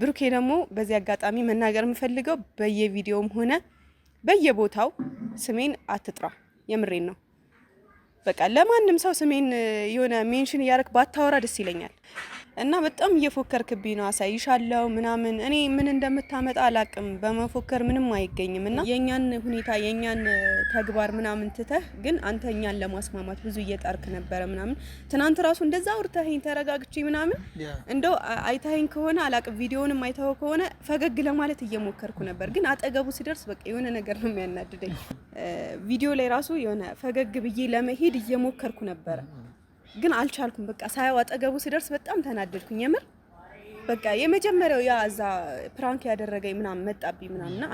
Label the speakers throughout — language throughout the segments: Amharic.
Speaker 1: ብሩኬ ደግሞ በዚህ አጋጣሚ መናገር የምፈልገው በየቪዲዮም ሆነ በየቦታው ስሜን አትጥራ። የምሬን ነው። በቃ ለማንም ሰው ስሜን የሆነ ሜንሽን እያደረክ ባታወራ ደስ ይለኛል። እና በጣም እየፎከርክብኝ ነው አሳይሻለሁ ምናምን። እኔ ምን እንደምታመጣ አላቅም። በመፎከር ምንም አይገኝም እና የእኛን ሁኔታ የእኛን ተግባር ምናምን ትተህ ግን አንተ እኛን ለማስማማት ብዙ እየጣርክ ነበረ ምናምን። ትናንት ራሱ እንደዛ አውርተኸኝ ተረጋግቼ ምናምን እንደው አይተኸኝ ከሆነ አላቅም፣ ቪዲዮንም አይተኸው ከሆነ ፈገግ ለማለት እየሞከርኩ ነበር። ግን አጠገቡ ሲደርስ በቃ የሆነ ነገር ነው የሚያናድደኝ። ቪዲዮ ላይ ራሱ የሆነ ፈገግ ብዬ ለመሄድ እየሞከርኩ ነበረ ግን አልቻልኩም። በቃ ሳያው አጠገቡ ስደርስ በጣም ተናደድኩኝ። የምር በቃ የመጀመሪያው ያ እዛ ፕራንክ ያደረገኝ ምናምን መጣብኝ ምናምንና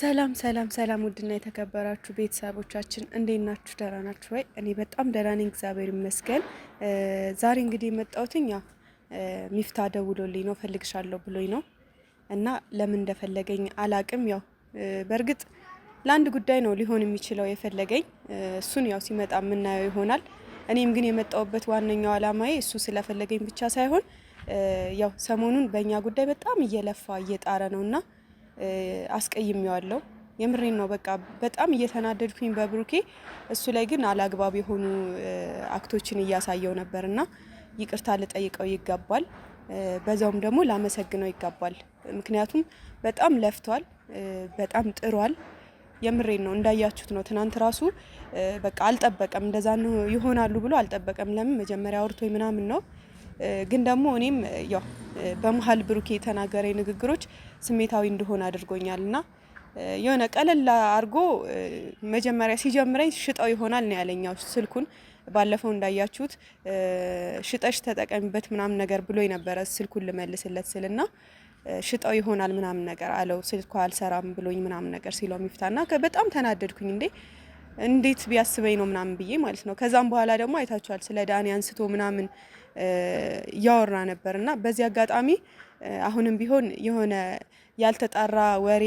Speaker 1: ሰላም ሰላም ሰላም፣ ውድና የተከበራችሁ ቤተሰቦቻችን እንዴት ናችሁ? ደህና ናችሁ ወይ? እኔ በጣም ደህና ነኝ፣ እግዚአብሔር ይመስገን። ዛሬ እንግዲህ የመጣሁትኝ ያ ሚፍታ ደውሎልኝ ነው፣ ፈልግሻለሁ ብሎኝ ነው እና ለምን እንደፈለገኝ አላቅም። ያው በእርግጥ ለአንድ ጉዳይ ነው ሊሆን የሚችለው የፈለገኝ፣ እሱን ያው ሲመጣ የምናየው ይሆናል። እኔም ግን የመጣውበት ዋነኛው አላማዬ እሱ ስለፈለገኝ ብቻ ሳይሆን ያው ሰሞኑን በእኛ ጉዳይ በጣም እየለፋ እየጣረ ነው እና አስቀይሜዋለሁ። የምሬን ነው። በቃ በጣም እየተናደድኩኝ በብሩኬ። እሱ ላይ ግን አላግባብ የሆኑ አክቶችን እያሳየው ነበር እና ይቅርታ ልጠይቀው ይገባል። በዛውም ደግሞ ላመሰግነው ይገባል። ምክንያቱም በጣም ለፍቷል፣ በጣም ጥሯል። የምሬን ነው። እንዳያችሁት ነው። ትናንት ራሱ በቃ አልጠበቀም፣ እንደዛ ይሆናሉ ብሎ አልጠበቀም። ለምን መጀመሪያ አውርቶ ምናምን ነው። ግን ደግሞ እኔም ያው በመሀል ብሩኬ የተናገረኝ ንግግሮች ስሜታዊ እንደሆነ አድርጎኛል እና የሆነ ቀለል አድርጎ መጀመሪያ ሲጀምረኝ ሽጠው ይሆናል ነው ያለኛው። ስልኩን ባለፈው እንዳያችሁት ሽጠሽ ተጠቀሚበት ምናምን ነገር ብሎ የነበረ ስልኩን ልመልስለት ስልና ሽጠው ይሆናል ምናምን ነገር አለው። ስልኳ አልሰራም ብሎኝ ምናምን ነገር ሲለው ሚፍታና በጣም ተናደድኩኝ። እንዴ እንዴት ቢያስበኝ ነው ምናምን ብዬ ማለት ነው። ከዛም በኋላ ደግሞ አይታችኋል ስለ ዳኒ አንስቶ ምናምን እያወራ ነበር እና በዚህ አጋጣሚ አሁንም ቢሆን የሆነ ያልተጣራ ወሬ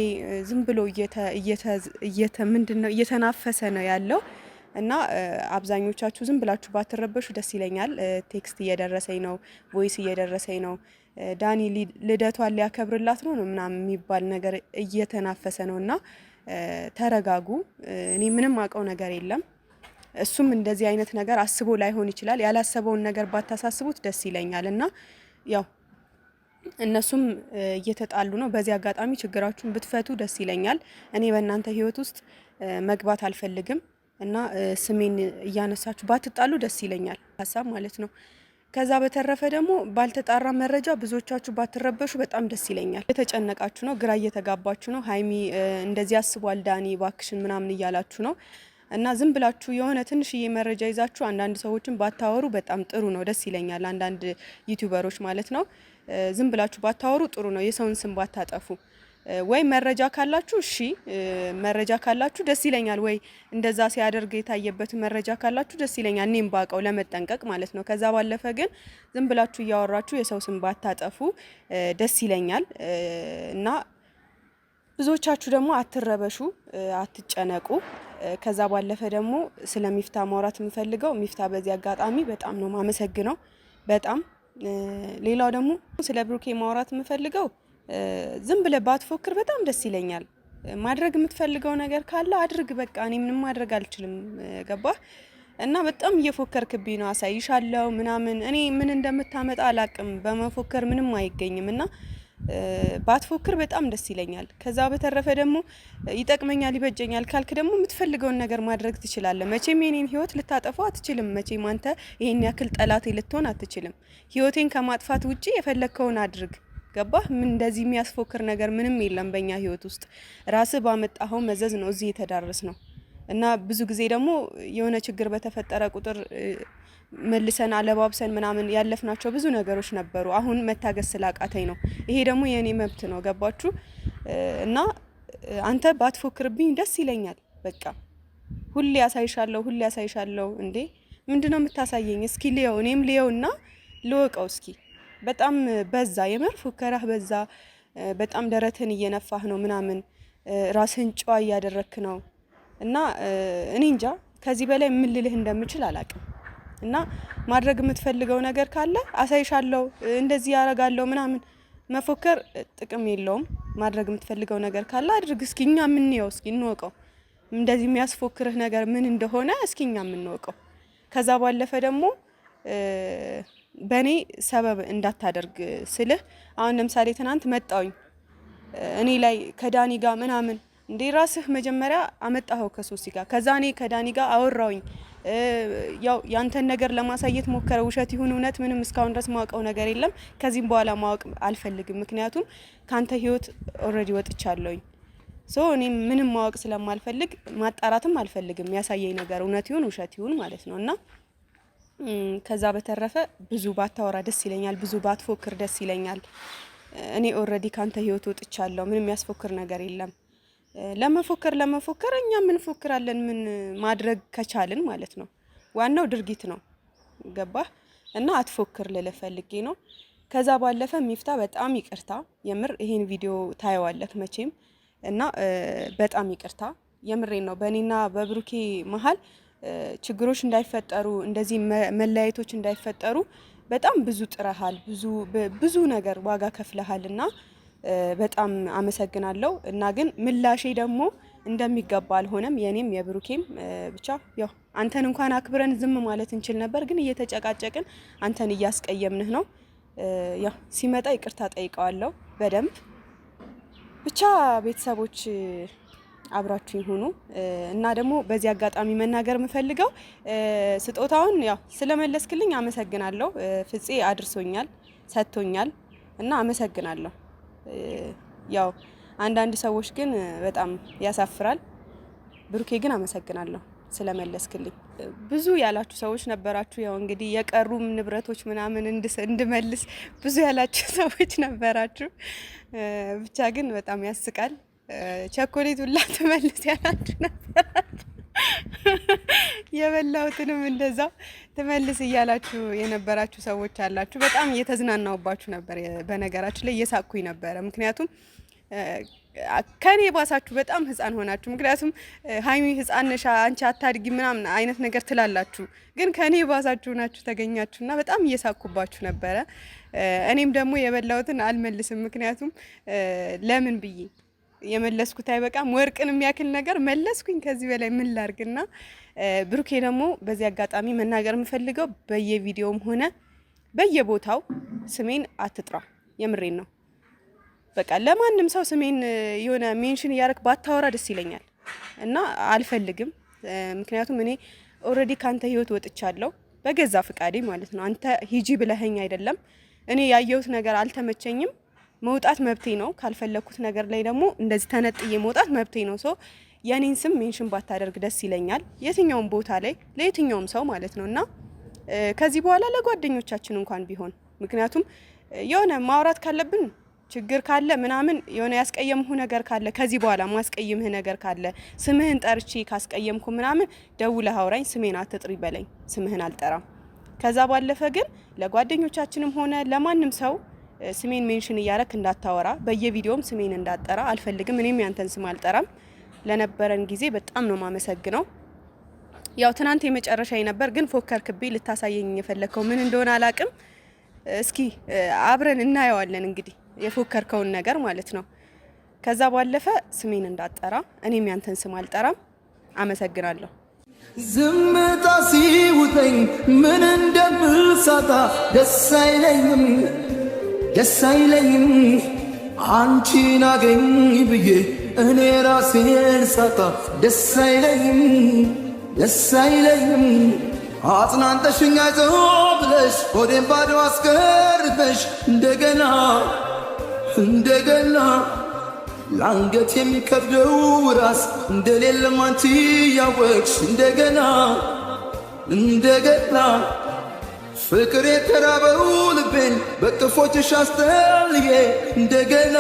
Speaker 1: ዝም ብሎ ምንድን ነው እየተናፈሰ ነው ያለው እና አብዛኞቻችሁ ዝም ብላችሁ ባትረበሹ ደስ ይለኛል። ቴክስት እየደረሰኝ ነው፣ ቮይስ እየደረሰኝ ነው። ዳኒ ልደቷን ሊያከብርላት ነው ነው ምናምን የሚባል ነገር እየተናፈሰ ነው። እና ተረጋጉ። እኔ ምንም አውቀው ነገር የለም። እሱም እንደዚህ አይነት ነገር አስቦ ላይሆን ይችላል። ያላሰበውን ነገር ባታሳስቡት ደስ ይለኛል። እና ያው እነሱም እየተጣሉ ነው። በዚህ አጋጣሚ ችግራችሁን ብትፈቱ ደስ ይለኛል። እኔ በእናንተ ህይወት ውስጥ መግባት አልፈልግም እና ስሜን እያነሳችሁ ባትጣሉ ደስ ይለኛል። ሀሳብ ማለት ነው። ከዛ በተረፈ ደግሞ ባልተጣራ መረጃ ብዙዎቻችሁ ባትረበሹ በጣም ደስ ይለኛል። የተጨነቃችሁ ነው፣ ግራ እየተጋባችሁ ነው። ሀይሚ እንደዚህ አስቧል ዳኒ ባክሽን ምናምን እያላችሁ ነው እና ዝም ብላችሁ የሆነ ትንሽዬ መረጃ ይዛችሁ አንዳንድ ሰዎችን ባታወሩ በጣም ጥሩ ነው፣ ደስ ይለኛል። አንዳንድ ዩቲዩበሮች ማለት ነው ዝም ብላችሁ ባታወሩ ጥሩ ነው፣ የሰውን ስም ባታጠፉ። ወይ መረጃ ካላችሁ እሺ፣ መረጃ ካላችሁ ደስ ይለኛል። ወይ እንደዛ ሲያደርግ የታየበት መረጃ ካላችሁ ደስ ይለኛል፣ እኔም ባቀው ለመጠንቀቅ ማለት ነው። ከዛ ባለፈ ግን ዝም ብላችሁ እያወራችሁ የሰው ስም ባታጠፉ ደስ ይለኛል እና ብዙዎቻችሁ ደግሞ አትረበሹ፣ አትጨነቁ። ከዛ ባለፈ ደግሞ ስለ ሚፍታ ማውራት የምፈልገው ሚፍታ በዚህ አጋጣሚ በጣም ነው ማመሰግነው በጣም ሌላው ደግሞ ስለ ብሩኬ ማውራት የምፈልገው ዝም ብለህ ባትፎክር በጣም ደስ ይለኛል። ማድረግ የምትፈልገው ነገር ካለ አድርግ። በቃ እኔ ምንም ማድረግ አልችልም። ገባ እና በጣም እየፎከርክብኝ ነው። አሳይሻለሁ ምናምን እኔ ምን እንደምታመጣ አላቅም። በመፎከር ምንም አይገኝም እና ባትፎክር በጣም ደስ ይለኛል። ከዛ በተረፈ ደግሞ ይጠቅመኛል፣ ይበጀኛል ካልክ ደግሞ የምትፈልገውን ነገር ማድረግ ትችላለህ። መቼም የኔን ህይወት ልታጠፋው አትችልም። መቼም አንተ ይሄን ያክል ጠላቴ ልትሆን አትችልም። ህይወቴን ከማጥፋት ውጪ የፈለግከውን አድርግ። ገባህ? ምን እንደዚህ የሚያስፎክር ነገር ምንም የለም በእኛ ህይወት ውስጥ ራስህ ባመጣኸው መዘዝ ነው እዚህ የተዳረስ ነው። እና ብዙ ጊዜ ደግሞ የሆነ ችግር በተፈጠረ ቁጥር መልሰን አለባብሰን ምናምን ያለፍናቸው ብዙ ነገሮች ነበሩ። አሁን መታገስ ስላቃተኝ ነው። ይሄ ደግሞ የእኔ መብት ነው። ገባችሁ? እና አንተ ባትፎክርብኝ ደስ ይለኛል። በቃ ሁሌ ያሳይሻለሁ፣ ሁሌ ያሳይሻለሁ። እንዴ ምንድነው የምታሳየኝ? እስኪ ልየው፣ እኔም ልየውና ልወቀው እስኪ በጣም በዛ፣ የምር ፉከራህ በዛ። በጣም ደረትን እየነፋህ ነው ምናምን፣ ራስህን ጨዋ እያደረክ ነው እና እኔ እንጃ ከዚህ በላይ ምን ልልህ እንደምችል አላቅም። እና ማድረግ የምትፈልገው ነገር ካለ አሳይሻለሁ፣ እንደዚህ ያረጋለሁ ምናምን መፎከር ጥቅም የለውም። ማድረግ የምትፈልገው ነገር ካለ አድርግ። እስኪ እኛ የምንየው እስኪ እንወቀው፣ እንደዚህ የሚያስፎክርህ ነገር ምን እንደሆነ እስኪ እኛ የምንወቀው። ከዛ ባለፈ ደግሞ በእኔ ሰበብ እንዳታደርግ ስልህ አሁን ለምሳሌ ትናንት መጣውኝ እኔ ላይ ከዳኒ ጋር ምናምን እንዴ ራስህ መጀመሪያ አመጣኸው ከሶሲ ጋር ከዛ እኔ ከዳኒ ጋር አወራውኝ ያው ያንተን ነገር ለማሳየት ሞከረ። ውሸት ይሁን እውነት ምንም እስካሁን ድረስ ማውቀው ነገር የለም። ከዚህም በኋላ ማወቅ አልፈልግም። ምክንያቱም ካንተ ህይወት ኦልሬዲ ወጥቻለሁኝ። ሶ እኔ ምንም ማወቅ ስለማልፈልግ ማጣራትም አልፈልግም። ያሳየኝ ነገር እውነት ይሁን ውሸት ይሁን ማለት ነው እና ከዛ በተረፈ ብዙ ባታወራ ደስ ይለኛል። ብዙ ባትፎክር ደስ ይለኛል። እኔ ኦልሬዲ ካንተ ህይወት ወጥቻለሁ። ምንም ያስፎክር ነገር የለም። ለመፎከር ለመፎከር እኛ ምን ፎክራለን? ምን ማድረግ ከቻልን ማለት ነው። ዋናው ድርጊት ነው። ገባህ? እና አትፎክር ልልህ ፈልጌ ነው። ከዛ ባለፈ ሚፍታ በጣም ይቅርታ፣ የምር ይሄን ቪዲዮ ታየዋለህ መቼም እና በጣም ይቅርታ የምሬን ነው። በእኔና በብሩኬ መሀል ችግሮች እንዳይፈጠሩ እንደዚህ መለያየቶች እንዳይፈጠሩ በጣም ብዙ ጥረሃል፣ ብዙ ብዙ ነገር ዋጋ ከፍለሃል እና በጣም አመሰግናለሁ እና ግን ምላሼ ደግሞ እንደሚገባ አልሆነም። የኔም የብሩኬም ብቻ ያው አንተን እንኳን አክብረን ዝም ማለት እንችል ነበር፣ ግን እየተጨቃጨቅን አንተን እያስቀየምንህ ነው። ያው ሲመጣ ይቅርታ ጠይቀዋለሁ በደንብ ብቻ ቤተሰቦች አብራችሁ ይሁኑ እና ደግሞ በዚህ አጋጣሚ መናገር የምፈልገው ስጦታውን ያው ስለመለስክልኝ አመሰግናለሁ። ፍፄ አድርሶኛል፣ ሰጥቶኛል እና አመሰግናለሁ። ያው አንዳንድ ሰዎች ግን በጣም ያሳፍራል። ብሩኬ ግን አመሰግናለሁ ስለመለስክልኝ። ብዙ ያላችሁ ሰዎች ነበራችሁ። ያው እንግዲህ የቀሩም ንብረቶች ምናምን እንድመልስ ብዙ ያላችሁ ሰዎች ነበራችሁ። ብቻ ግን በጣም ያስቃል። ቸኮሌት ሁላ ትመልስ ያላችሁ ነበራችሁ። የበላሁትንም እንደዛው ትመልስ እያላችሁ የነበራችሁ ሰዎች አላችሁ። በጣም እየተዝናናውባችሁ ነበር። በነገራችሁ ላይ እየሳኩኝ ነበረ፣ ምክንያቱም ከኔ ባሳችሁ በጣም ህፃን ሆናችሁ። ምክንያቱም ሀይሚ ህፃን ነሻ አንቺ አታድጊ ምናምን አይነት ነገር ትላላችሁ፣ ግን ከኔ ባሳችሁ ናችሁ ተገኛችሁና በጣም እየሳኩባችሁ ነበረ። እኔም ደግሞ የበላሁትን አልመልስም፣ ምክንያቱም ለምን ብዬ የመለስኩት አይበቃም፣ ወርቅን የሚያክል ነገር መለስኩኝ። ከዚህ በላይ ምን ላርግና ብሩኬ ደግሞ በዚህ አጋጣሚ መናገር የምፈልገው በየቪዲዮም ሆነ በየቦታው ስሜን አትጥራ። የምሬን ነው። በቃ ለማንም ሰው ስሜን የሆነ ሜንሽን እያረግ ባታወራ ደስ ይለኛል እና አልፈልግም። ምክንያቱም እኔ ኦልሬዲ ከአንተ ህይወት ወጥቻለሁ በገዛ ፍቃዴ ማለት ነው። አንተ ሂጂ ብለኸኝ አይደለም። እኔ ያየሁት ነገር አልተመቸኝም መውጣት መብቴ ነው። ካልፈለግኩት ነገር ላይ ደግሞ እንደዚህ ተነጥዬ መውጣት መብቴ ነው። ሰው የኔን ስም ሜንሽን ባታደርግ ደስ ይለኛል፣ የትኛውም ቦታ ላይ ለየትኛውም ሰው ማለት ነው። እና ከዚህ በኋላ ለጓደኞቻችን እንኳን ቢሆን ምክንያቱም የሆነ ማውራት ካለብን ችግር ካለ ምናምን የሆነ ያስቀየምሁ ነገር ካለ ከዚህ በኋላ ማስቀይምህ ነገር ካለ ስምህን ጠርቼ ካስቀየምኩ ምናምን ደውለህ አውራኝ፣ ስሜን አትጥሪ በለኝ። ስምህን አልጠራም። ከዛ ባለፈ ግን ለጓደኞቻችንም ሆነ ለማንም ሰው ስሜን ሜንሽን እያረክ እንዳታወራ፣ በየቪዲዮም ስሜን እንዳጠራ አልፈልግም። እኔም ያንተን ስም አልጠራም። ለነበረን ጊዜ በጣም ነው ማመሰግነው። ያው ትናንት የመጨረሻ ነበር፣ ግን ፎከር ክቤ ልታሳየኝ የፈለግከው ምን እንደሆነ አላቅም። እስኪ አብረን እናየዋለን እንግዲህ የፎከርከውን ነገር ማለት ነው። ከዛ ባለፈ ስሜን እንዳጠራ፣ እኔም ያንተን ስም አልጠራም። አመሰግናለሁ።
Speaker 2: ዝምታ ሲውጠኝ ምን እንደምሳታ ደስ አይለኝም ደስ አይለኝም አንቺን አገኝ ብዬ እኔ ራሴን ሳጣ ደስ አይለኝም ደስ አይለኝም አጽናንተሽኛ ጽሁ ብለሽ ሆዴን ባዶ አስገርፈሽ እንደገና እንደገና ለአንገት የሚከብደው ራስ እንደሌለም አንቺ ያወቅሽ እንደገና እንደገና ፍቅር የተራበው ልቤን በቅፎችሽ አስተልዬ እንደገና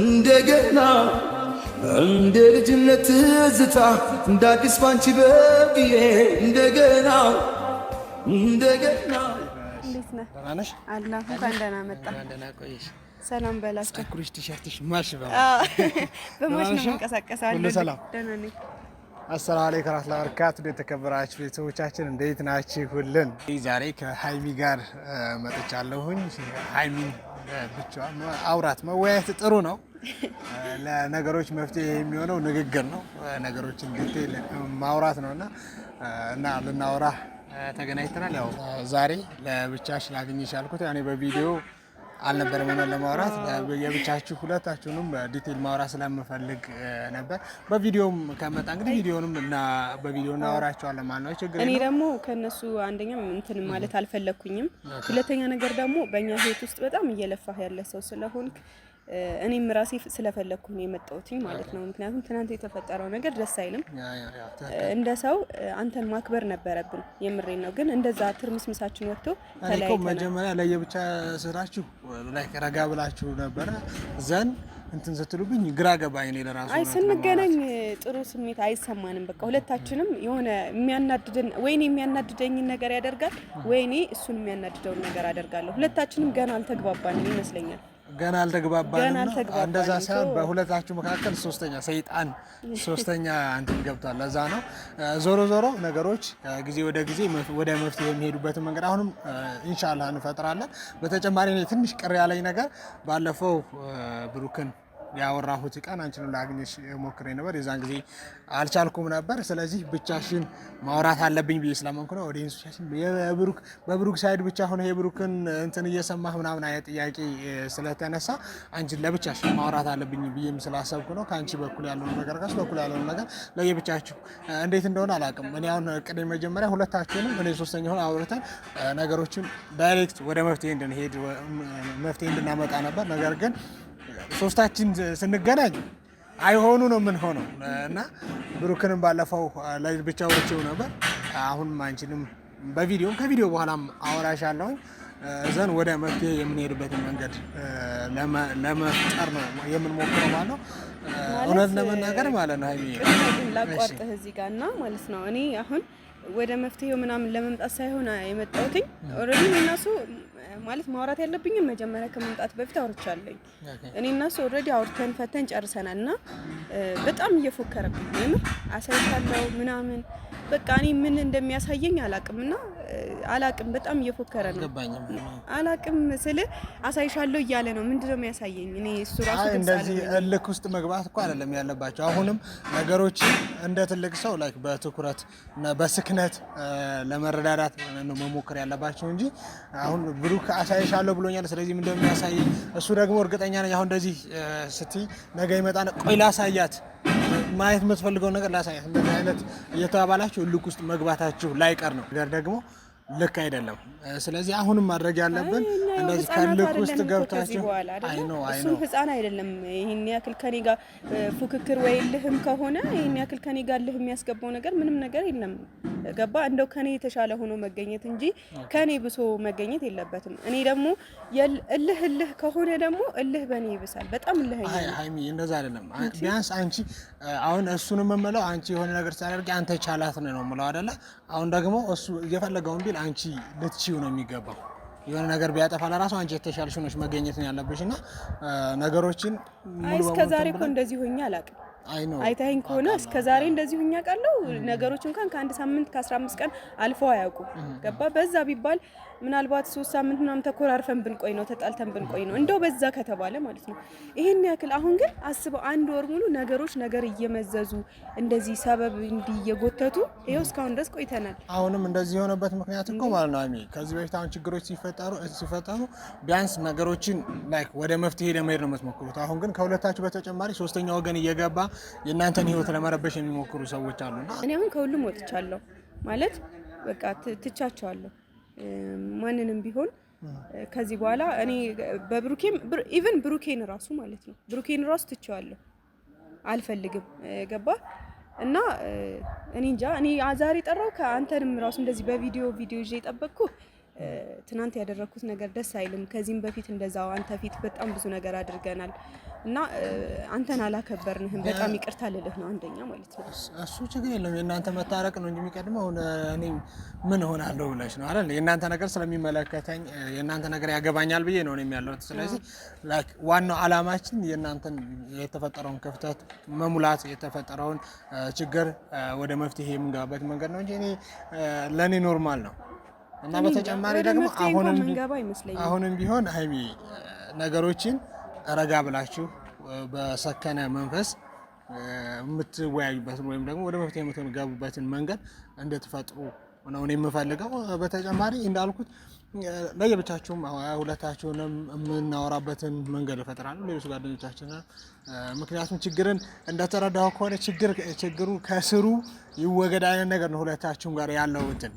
Speaker 2: እንደገና እንደ ልጅነት ትዝታ እንዳዲስ አዲስ ባንቺ በቅዬ እንደገና እንደገና
Speaker 1: ሰላም በላቸው።
Speaker 3: ቲሸርትሽ ማሽ
Speaker 1: በማሽ ነው የምንቀሳቀሰው።
Speaker 3: ደህና ነኝ። አሰላሙ አለይኩም ወራህመቱላሂ ወበረካቱህ። የተከበራችሁ ቤተሰቦቻችን እንዴት ናችሁ? ሁልን ዛሬ ከሀይሚ ጋር መጥቻለሁኝ። ሀይሚ ብቻዋን አውራት መወያየት ጥሩ ነው። ለነገሮች መፍትሄ የሚሆነው ንግግር ነው። ነገሮች እንግዲህ ማውራት ነው እና እና ልናውራ ተገናኝተናል። ያው ዛሬ ለብቻሽ ላግኝሽ ያልኩት ያኔ በቪዲዮ አልነበረም ሆነ ለማውራት የብቻችሁ ሁለታችሁንም ዲቴል ማውራት ስለምፈልግ ነበር። በቪዲዮም ከመጣ እንግዲህ ቪዲዮንም እና በቪዲዮ እናወራቸዋለን ማለት ነው። ችግር
Speaker 1: እኔ ደግሞ ከእነሱ አንደኛም እንትን ማለት አልፈለግኩኝም። ሁለተኛ ነገር ደግሞ በእኛ ህይወት ውስጥ በጣም እየለፋህ ያለ ሰው ስለሆንክ እኔም ራሴ ስለፈለግኩ ነው ማለት ነው። ምክንያቱም ትናንት የተፈጠረው ነገር ደስ አይልም። እንደ ሰው አንተን ማክበር ነበረብን። የምሬ ነው። ግን እንደዛ ትርምስምሳችን ወጥቶ
Speaker 3: ተለያይ መጀመሪያ ለየብቻ ስራችሁ ላይ ረጋ ብላችሁ ነበረ ዘን እንትን ስትሉብኝ ግራ ገባኝ። እኔ ለራሱ
Speaker 1: አይ ስንገናኝ ጥሩ ስሜት አይሰማንም። በቃ ሁለታችንም የሆነ የሚያናድደን ወይኔ የሚያናድደኝን ነገር ያደርጋል፣ ወይኔ እሱን የሚያናድደውን ነገር አደርጋለሁ። ሁለታችንም ገና አልተግባባንም ይመስለኛል።
Speaker 3: ገና አልተግባባንም። እንደዛ ሳይሆን በሁለታችሁ መካከል ሶስተኛ ሰይጣን ሶስተኛ እንትን ገብቷል። ለዛ ነው። ዞሮ ዞሮ ነገሮች ጊዜ ወደ ጊዜ ወደ መፍትሄ የሚሄዱበትን መንገድ አሁንም እንሻላ እንፈጥራለን። በተጨማሪ ትንሽ ቅር ያለኝ ነገር ባለፈው ብሩክን ያወራሁት ቀን አንቺን ላግኝሽ ሞክሬ ነበር። የዛን ጊዜ አልቻልኩም ነበር። ስለዚህ ብቻሽን ማውራት አለብኝ ብዬ ስለማንኩ ነው። ኦዲየንሶቻችን በብሩክ ሳይድ ብቻ ሆነ የብሩክን እንትን እየሰማህ ምናምን አይነት ጥያቄ ስለተነሳ አንቺን ለብቻሽን ማውራት አለብኝ ብዬም ስላሰብኩ ነው። ከአንቺ በኩል ያለውን ነገር ከሱ በኩል ያለውን ነገር ለየብቻችሁ እንዴት እንደሆነ አላውቅም። እኔ አሁን ቅድ መጀመሪያ ሁለታችሁንም እኔ ሶስተኛ ሆን አውርተን ነገሮችን ዳይሬክት ወደ መፍትሄ እንድንሄድ መፍትሄ እንድናመጣ ነበር ነገር ግን ሶስታችን ስንገናኝ አይሆኑ ነው የምንሆነው እና ብሩክንም ባለፈው ላይ ብቻ ወርቼው ነበር። አሁንም አንቺንም በቪዲዮም ከቪዲዮ በኋላም አወራሻለሁ። ዘን ወደ መፍትሄ የምንሄድበትን መንገድ ለመፍጠር ነው የምንሞክረው ማለት ነው። እውነት ለመናገር ማለት ነው
Speaker 1: ላቋርጥህ እዚህ ጋር እና ማለት ነው እኔ አሁን ወደ መፍትሄው ምናምን ለመምጣት ሳይሆን የመጣሁትኝ ኦልሬዲ እነሱ ማለት ማውራት ያለብኝም መጀመሪያ ከመምጣት በፊት አውርቻለኝ። እኔ እና እሱ ኦልሬዲ አውርተን ፈተን ጨርሰናል እና በጣም እየፎከረብኝ ምንም አሳይታለው ምናምን በቃ እኔ ምን እንደሚያሳየኝ አላቅም እና አላቅም፣ በጣም እየፎከረ ነው። አላቅም ስል አሳይሻለሁ እያለ ነው። ነው የሚያሳየኝ? እኔ እሱ ራሱ
Speaker 3: እንደዚህ እልክ ውስጥ መግባት እኮ አይደለም ያለባቸው። አሁንም ነገሮች እንደ ትልቅ ሰው ላይ በትኩረት በስክነት ለመረዳዳት ነው መሞከር ያለባቸው እንጂ አሁን ብሩክ አሳይሻለሁ ብሎኛል፣ ስለዚህ ምንድነው የሚያሳየኝ? እሱ ደግሞ እርግጠኛ ነኝ አሁን እንደዚህ ስትይ ነገ ይመጣ ቆይ ላሳያት ማየት የምትፈልገው ነገር ላሳያት። እንደዚህ አይነት እየተባባላችሁ እልክ ውስጥ መግባታችሁ ላይቀር ነው ነገር ደግሞ ልክ አይደለም። ስለዚህ አሁንም ማድረግ ያለብን
Speaker 1: እንደዚህ ከልክ ውስጥ ገብታችሁ እሱም ህፃን አይደለም። ይህን ያክል ከኔ ጋር ፉክክር ወይ ልህም ከሆነ ይህን ያክል ከኔ ጋር ልህ የሚያስገባው ነገር ምንም ነገር የለም። ገባ እንደው ከኔ የተሻለ ሆኖ መገኘት እንጂ ከኔ ብሶ መገኘት የለበትም። እኔ ደግሞ እልህ እልህ ከሆነ ደግሞ እልህ በእኔ ይብሳል። በጣም እልህ
Speaker 3: ሀይሚ፣ እንደዛ አይደለም። ቢያንስ አንቺ አሁን እሱን የምምለው አንቺ የሆነ ነገር ሲያደርግ አንተ ቻላት ነው የምለው አይደለ? አሁን ደግሞ እሱ እየፈለገውን ቢል አንቺ ልትችው ነው የሚገባው። የሆነ ነገር ቢያጠፋ ለራሱ አንቺ የተሻልሽ ሆነሽ መገኘት ነው ያለብሽ እና ነገሮችን
Speaker 1: እስከዛሬ እኮ እንደዚህ ሆኜ አላውቅም። አይታይን ከሆነ እስከዛሬ እንደዚህ ሆኜ አውቃለሁ። ነገሮች እንኳን ከአንድ ሳምንት ከአስራ አምስት ቀን አልፈው አያውቁ ገባ በዛ ቢባል ምናልባት ሶስት ሳምንት ምናምን ተኮራርፈን ብንቆይ ነው ተጣልተን ብንቆይ ነው እንደው በዛ ከተባለ ማለት ነው ይሄን ያክል። አሁን ግን አስበው አንድ ወር ሙሉ ነገሮች ነገር እየመዘዙ እንደዚህ ሰበብ እንዲህ እየጎተቱ ይኸው እስካሁን ድረስ ቆይተናል።
Speaker 3: አሁንም እንደዚህ የሆነበት ምክንያት እኮ ማለት ነው ከዚህ በፊት አሁን ችግሮች ሲፈጠሩ ሲፈጠሩ ቢያንስ ነገሮችን ላይክ ወደ መፍትሄ ለመሄድ ነው የምትሞክሩት። አሁን ግን ከሁለታችሁ በተጨማሪ ሶስተኛ ወገን እየገባ የእናንተን ህይወት ለመረበሽ የሚሞክሩ ሰዎች አሉና
Speaker 1: እኔ አሁን ከሁሉም ወጥቻለሁ ማለት በቃ ትቻቸዋለሁ። ማንንም ቢሆን ከዚህ በኋላ እኔ በብሩኬም ኢቨን ብሩኬን ራሱ ማለት ነው ብሩኬን ራሱ ትቼዋለሁ፣ አልፈልግም። ገባ እና እኔ እንጃ እኔ ዛሬ ጠራው ከአንተንም ራሱ እንደዚህ በቪዲዮ ቪዲዮ ይዤ የጠበቅኩ ትናንት ያደረግኩት ነገር ደስ አይልም። ከዚህም በፊት እንደዛው አንተ ፊት በጣም ብዙ ነገር አድርገናል እና አንተን አላከበርንህም። በጣም ይቅርታ ልልህ ነው። አንደኛ ማለት ነው
Speaker 3: እሱ ችግር የለም። የእናንተ መታረቅ ነው እንጂ የሚቀድመው እኔ ምን እሆናለሁ ብለሽ ነው አይደል? የእናንተ ነገር ስለሚመለከተኝ የእናንተ ነገር ያገባኛል ብዬ ነው እኔም ያለሁት። ስለዚህ ዋናው አላማችን የእናንተን የተፈጠረውን ክፍተት መሙላት፣ የተፈጠረውን ችግር ወደ መፍትሄ የምንገባበት መንገድ ነው እንጂ እኔ ለእኔ ኖርማል ነው
Speaker 1: እና በተጨማሪ ደግሞ
Speaker 3: አሁንም ቢሆን ሀይሚ ነገሮችን ረጋ ብላችሁ በሰከነ መንፈስ የምትወያዩበትን ወይም ደግሞ ወደ መፍትሄ የምትገቡበትን መንገድ እንድትፈጥሩ ነው የምፈልገው። በተጨማሪ እንዳልኩት ለየብቻችሁም ሁለታችሁንም የምናወራበትን መንገድ ይፈጥራሉ ሌሎች ጓደኞቻችን። ምክንያቱም ችግርን እንደተረዳሁ ከሆነ ችግሩ ከስሩ ይወገድ አይነት ነገር ነው። ሁለታችሁም ጋር ያለው እንትን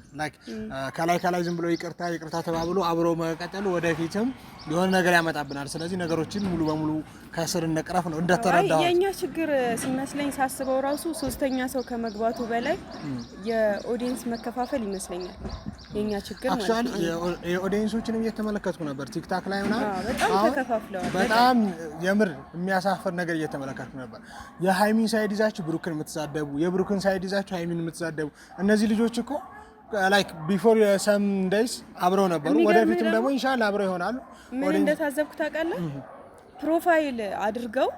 Speaker 3: ከላይ ከላይ ዝም ብሎ ይቅርታ ይቅርታ ተባብሎ አብሮ መቀጠል ወደፊትም የሆነ ነገር ያመጣብናል። ስለዚህ ነገሮችን ሙሉ በሙሉ ከስር እንቅረፍ ነው እንደተረዳ።
Speaker 1: የእኛ ችግር ሲመስለኝ ሳስበው ራሱ ሶስተኛ ሰው ከመግባቱ በላይ የኦዲየንስ መከፋፈል ይመስለኛል የእኛ ችግር
Speaker 3: አክቹዋሊ። የኦዲየንሶችንም እየተመለከትኩ ነበር ቲክታክ ላይ ሆና
Speaker 1: በጣም ተከፋፍለዋል።
Speaker 3: በጣም የምር የሚያሳፍር ነገር እየተመለከትኩ ነበር። የሀይሚን ሳይድ ይዛችሁ ብሩክን የምትሳደቡ፣ የብሩክን ሳይድ ይዛችሁ ሀይሚን የምትሳደቡ እነዚህ ልጆች እኮ ላይክ ቢፎር ሰም ደይስ አብረው ነበሩ። ወደፊትም ደግሞ ኢንሻላህ አብረው ይሆናሉ።
Speaker 1: ምን እንደታዘብኩ ታውቃለህ? ፕሮፋይል አድርገው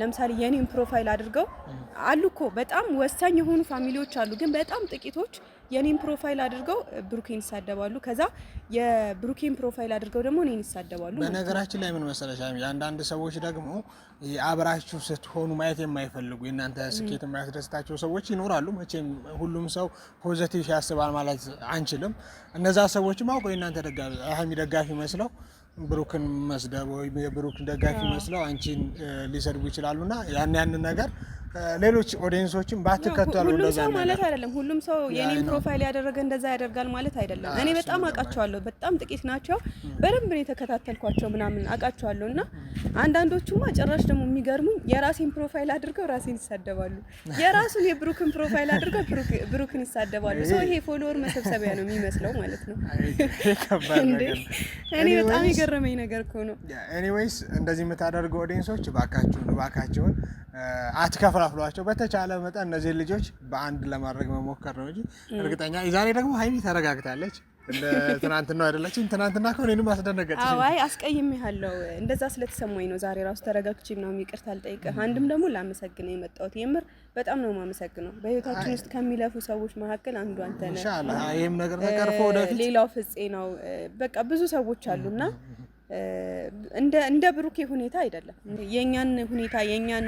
Speaker 1: ለምሳሌ የኔን ፕሮፋይል አድርገው አሉ እኮ በጣም ወሳኝ የሆኑ ፋሚሊዎች አሉ፣ ግን በጣም ጥቂቶች የኔን ፕሮፋይል አድርገው ብሩኬን ይሳደባሉ። ከዛ የብሩኬን ፕሮፋይል አድርገው ደግሞ እኔን ይሳደባሉ።
Speaker 3: በነገራችን ላይ ምን መሰለሽ፣ አንዳንድ ሰዎች ደግሞ አብራችሁ ስትሆኑ ማየት የማይፈልጉ የእናንተ ስኬት የማያስደስታቸው ሰዎች ይኖራሉ። መቼም ሁሉም ሰው ፖዘቲቭ ያስባል ማለት አንችልም። እነዛ ሰዎችም አውቀው የእናንተ ሀይሚ ደጋፊ መስለው ብሩክን መስደብ ወይም የብሩክ ደጋፊ መስለው አንቺን ሊሰድቡ ይችላሉና ያን ያንን ነገር ሌሎች ኦዲየንሶችን ባትከተሉ
Speaker 1: ሁሉም ሰው ማለት አይደለም። ሁሉም ሰው የኔን ፕሮፋይል ያደረገ እንደዛ ያደርጋል ማለት አይደለም። እኔ በጣም አውቃቸዋለሁ፣ በጣም ጥቂት ናቸው። በደንብ ነው የተከታተልኳቸው ምናምን አውቃቸዋለሁ። እና አንዳንዶቹማ ጭራሽ ደግሞ የሚገርሙኝ የራሴን ፕሮፋይል አድርገው ራሴን ይሳደባሉ፣ የራሱን የብሩክን ፕሮፋይል አድርገው ብሩክን ይሳደባሉ። ሰው ይሄ ፎሎወር መሰብሰቢያ ነው የሚመስለው ማለት ነው። እኔ በጣም የገረመኝ ነገር እኮ ነው።
Speaker 3: ኤኒዌይስ እንደዚህ የምታደርገው ኦዲየንሶች እባካችሁን እባካችሁን አትከፍላፍሏቸው። በተቻለ መጠን እነዚህን ልጆች በአንድ ለማድረግ መሞከር ነው እንጂ እርግጠኛ ዛሬ ደግሞ ሀይሚ ተረጋግታለች። እንደ ትናንትናው አይደለችም። ትናንትና ከሆኔንም አስደነገጥሽ።
Speaker 1: አይ ያለው እንደዛ ስለተሰማኝ ነው። ዛሬ ራሱ ተረጋግቼ ምናምን ይቅርታ አልጠይቅህ። አንድም ደግሞ ላመሰግነ የመጣሁት የምር በጣም ነው የማመሰግነው። በህይወታችን ውስጥ ከሚለፉ ሰዎች መካከል አንዱ አንተ
Speaker 3: ነህ። ይህም ነገር ተቀርፎ ወደፊት
Speaker 1: ሌላው ፍፄ ነው። በቃ ብዙ ሰዎች አሉና እንደ እንደ ብሩኬ ሁኔታ አይደለም። የኛን ሁኔታ የኛን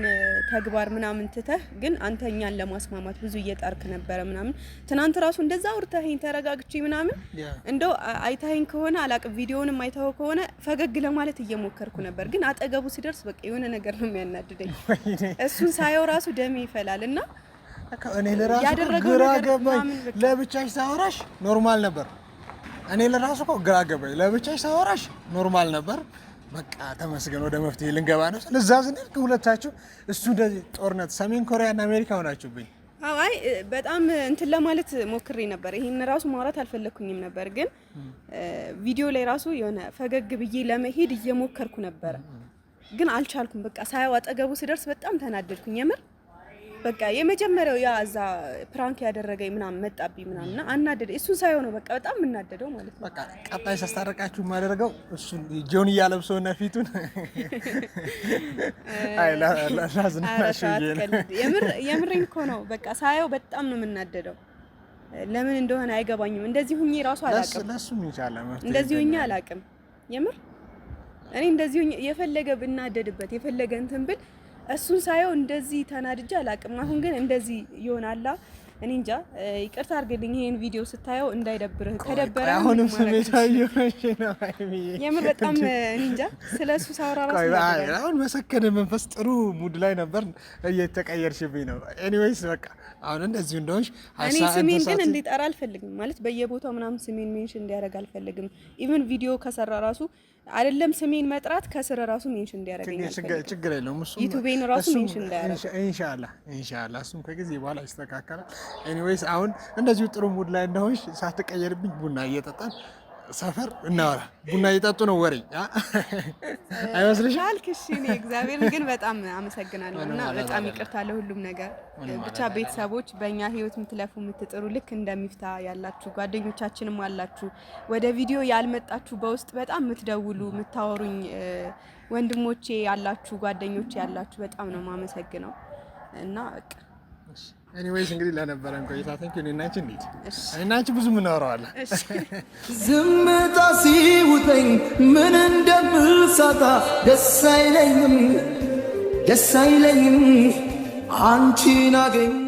Speaker 1: ተግባር ምናምን ትተህ ግን አንተ እኛን ለማስማማት ብዙ እየጣርክ ነበረ ምናምን። ትናንት ራሱ እንደዛ አውርተኸኝ ተረጋግቼ ምናምን እንደው አይታኸኝ ከሆነ አላቅ ቪዲዮንም አይታኸው ከሆነ ፈገግ ለማለት እየሞከርኩ ነበር፣ ግን አጠገቡ ሲደርስ በቃ የሆነ ነገር ነው የሚያናድደኝ። እሱን ሳየው ራሱ ደሜ ይፈላል እና
Speaker 3: እኔ ለራሱ ግራ ገባኝ። ለብቻሽ ሳወራሽ ኖርማል ነበር እኔ ለራሱ እኮ ግራ ገባኝ። ለብቻሽ ሳወራሽ ኖርማል ነበር። በቃ ተመስገን ወደ መፍትሄ ልንገባ ነው። እዛ ስንሄድ ሁለታችሁ እሱ እንደዚህ ጦርነት ሰሜን ኮሪያ ኮሪያና አሜሪካ ሆናችሁብኝ።
Speaker 1: አይ በጣም እንትን ለማለት ሞክሬ ነበር። ይህን ራሱ ማውራት አልፈለግኩኝም ነበር፣ ግን ቪዲዮ ላይ ራሱ የሆነ ፈገግ ብዬ ለመሄድ እየሞከርኩ ነበረ፣ ግን አልቻልኩም። በቃ ሳያው አጠገቡ ስደርስ በጣም ተናደድኩኝ የምር በቃ የመጀመሪያው ያ እዛ ፕራንክ ያደረገኝ ምናምን መጣብኝ እና አናደደ። እሱን ሳይሆን በቃ በጣም የምናደደው ማለት
Speaker 3: ነው። በቃ ቀጣይ ሳስታረቃችሁ የማደርገው እሱን ጆን እና ፊቱን
Speaker 1: የምሬን እኮ ነው። በቃ ሳየው በጣም ነው የምናደደው። ለምን እንደሆነ አይገባኝም። እንደዚህ ሁኜ ራሱ አላቅም።
Speaker 3: ለሱም ይቻላል
Speaker 1: እንደዚህ ሁኜ አላቅም። የምር እኔ እንደዚህ የፈለገ ብናደድበት የፈለገ እንትን ብል እሱን ሳየው እንደዚህ ተናድጄ አላቅም። አሁን ግን እንደዚህ ይሆናላ። እኔ እንጃ ይቅርታ አድርግልኝ። ይሄን ቪዲዮ ስታየው እንዳይደብርህ ከደበረ
Speaker 3: አሁንም ስሜታዊ ሆነሽ ነው
Speaker 1: የምር በጣም እንጃ። ስለ እሱ ሳወራ
Speaker 3: ራሱ አሁን በሰከነ መንፈስ ጥሩ ሙድ ላይ ነበር፣ እየተቀየርሽብኝ ነው። ኤኒዌይስ በቃ አሁን እንደዚሁ እንደሆንሽ
Speaker 1: እኔ ስሜን ግን እንዲጠራ አልፈልግም ማለት በየቦታው ምናምን ስሜን ሜንሽን እንዲያደርግ አልፈልግም። ኢቨን ቪዲዮ ከሰራ ራሱ አይደለም ስሜን መጥራት ከስር ራሱ ሜንሽን እንዲያደርገኝ
Speaker 3: ችግር የለውም። እሱ
Speaker 1: ዩቲዩቤን ራሱ ሜንሽን እንዲያደርግ
Speaker 3: ኢንሻአላህ ኢንሻአላህ፣ እሱም ከጊዜ በኋላ ይስተካከላል። ኤኒዌይስ አሁን እንደዚሁ ጥሩ ሙድ ላይ እንደሆንሽ ሳትቀየርብኝ ቡና እየጠጣን ሰፈር እናወራ ቡና እየጠጡ ነው ወሬ
Speaker 1: አይመስልሽም? አልክ። እኔ እግዚአብሔርን ግን በጣም አመሰግናለሁ እና በጣም ይቅርታ ለሁሉም ነገር። ብቻ ቤተሰቦች በእኛ ህይወት የምትለፉ የምትጥሩ፣ ልክ እንደሚፍታ ያላችሁ ጓደኞቻችንም አላችሁ፣ ወደ ቪዲዮ ያልመጣችሁ በውስጥ በጣም የምትደውሉ የምታወሩኝ ወንድሞቼ ያላችሁ ጓደኞቼ ያላችሁ በጣም ነው የማመሰግነው እና በቃ
Speaker 3: ኤኒዌይስ እንግዲህ ለነበረን ቆይታ ታንክ ዩ። እናንቺ እንዴት እናንቺ ብዙ ምናወራዋለን። ዝምታ ሲውጠኝ ምን እንደምሳታ ደስ አይለኝም፣ ደስ አይለኝም አንቺን አገኝ